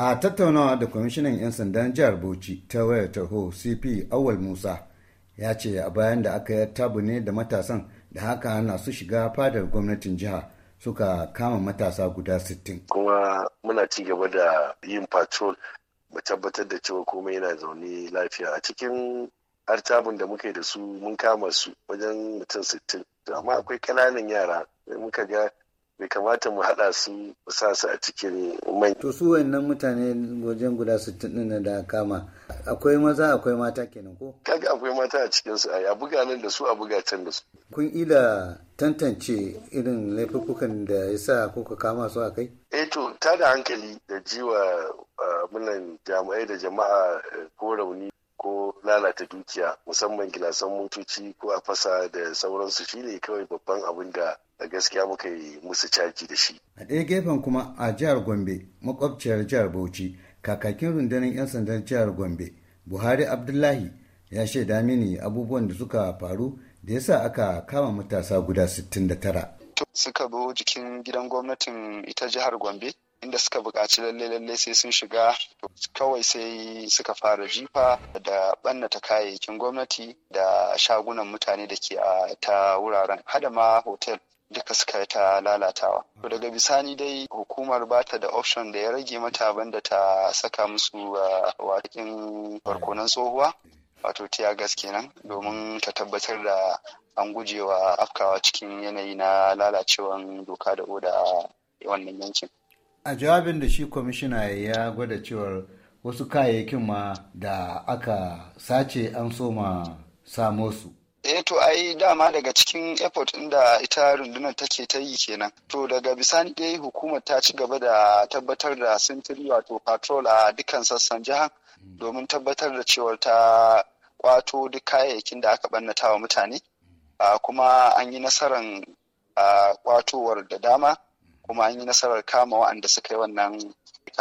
a tattaunawa da kwamishinan 'yan sandan jihar bauchi ta wayar tarho cp awal musa ya ce a bayan da aka yi tabu ne da matasan da haka ana su shiga fadar gwamnatin jiha suka kama matasa guda 60 kuma muna ci gaba da yin patrol mu tabbatar da cewa komai yana zaune lafiya a cikin artabun da muka da su mun kama su wajen mutum 60 amma akwai ƙananan yara muka ga bai kamata mu haɗa su a cikin mai. To su wannan mutane wajen guda sittin ɗin da kama akwai maza akwai mata kenan ko? Kaga akwai mata a cikin su a buga nan da su a buga can da su. Kun ila tantance irin laifukan da ya sa kuka kama su a kai? Eh to ta da hankali da jiwa muna jami'ai da jama'a eh, ko rauni ko lalata dukiya musamman gilasan motoci ko a fasa da sauransu shine kawai babban abin da da gaskiya muka yi musu caji da shi. A ɗaya gefen kuma a jihar Gombe makwabciyar jihar Bauchi kakakin rundunar 'yan sandan jihar Gombe Buhari Abdullahi ya shaida mini abubuwan da suka faru da yasa aka kama matasa guda 69. Suka zo jikin gidan gwamnatin ita jihar Gombe inda suka buƙaci lalle-lalle sai sun shiga kawai sai suka fara jifa da ɓannata kayayyakin gwamnati da shagunan mutane da ke a ta wuraren hada ma hotel duka suka yi ta lalatawa. To daga bisani dai hukumar bata da option da ya rage mata banda ta saka musu uh, wakin barkonan tsohuwa wato tiya gas kenan domin ta tabbatar da an gujewa afkawa cikin yanayi na lalacewan doka da oda a wannan yankin. A jawabin da shi kwamishina ya gwada cewar wasu kayayyakin ma da aka sace an soma samo su. to ai dama daga cikin airport inda ita rundunar take ta yi kenan to daga bisani dai hukumar ta ci gaba da tabbatar da sintiri wato patrol a dukkan sassan jihar domin tabbatar da cewar ta kwato duk kayayyakin da aka bannata wa mutane kuma an yi nasarar kwatowar da dama kuma an yi nasarar kama wa'anda suka yi wannan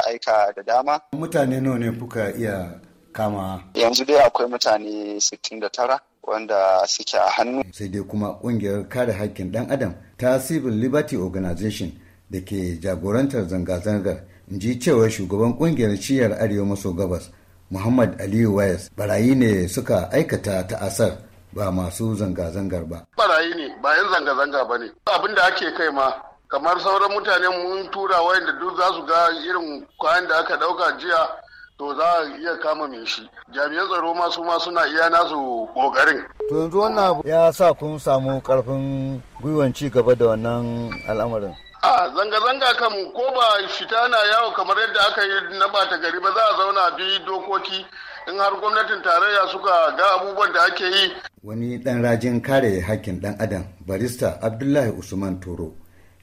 aika da dama mutane nawa ne kuka iya kama yanzu dai akwai mutane 69 wanda suke a hannu sai dai kuma kungiyar kare haƙƙin dan adam ta civil liberty organization da ke jagorantar zanga-zangar in ji cewar shugaban kungiyar ciyar arewa maso gabas muhammad aliyu wayes barayi ne suka aikata ta'asar ba masu zanga-zangar ba barayi ne bayan zanga-zanga ba ne abin da ake kai ma kamar sauran mutane mun tura wayanda duk za su ga irin kwayan da aka dauka jiya to za a iya kama mai shi jami'an tsaro masu ma suna iya nasu kokarin to yanzu wannan ya sa kun samu karfin gwiwan ci gaba da wannan al'amarin a zanga-zanga kam ko ba fita na yawo kamar yadda aka yi na bata gari ba za a zauna bi dokoki in har gwamnatin tarayya suka ga abubuwan da ake yi wani dan rajin kare hakkin dan adam barista abdullahi usman toro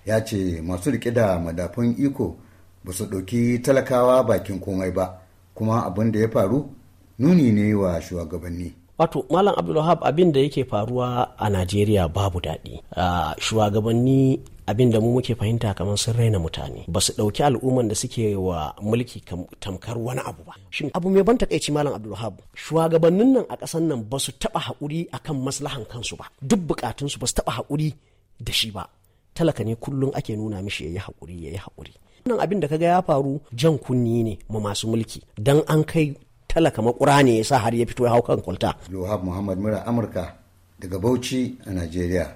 ya ce masu rike da madafun iko ba su ɗauki talakawa bakin komai ba kuma abin da ya faru nuni ne wa shugabanni wato malam abdulwahab abin da yake faruwa a najeriya babu daɗi shugabanni abin da mu muke fahimta kamar sun raina mutane ba su ɗauki al'umman da suke wa mulki tamkar wani abu ba shin abu mai ban takaici malam abdulwahab shugabannin nan a ƙasan nan ba su taɓa haƙuri kan maslahan kansu ba duk buƙatunsu ba su taɓa haƙuri da shi ba talaka ne kullum ake nuna mishi ya yi haƙuri ya yi haƙuri nan abin da kaga ya faru jan kunni ne ma masu mulki dan an kai talaka makura ne ya sa har ya fito ya hau kan kwalta. Yohab Muhammad Mura Amurka daga Bauchi a Najeriya.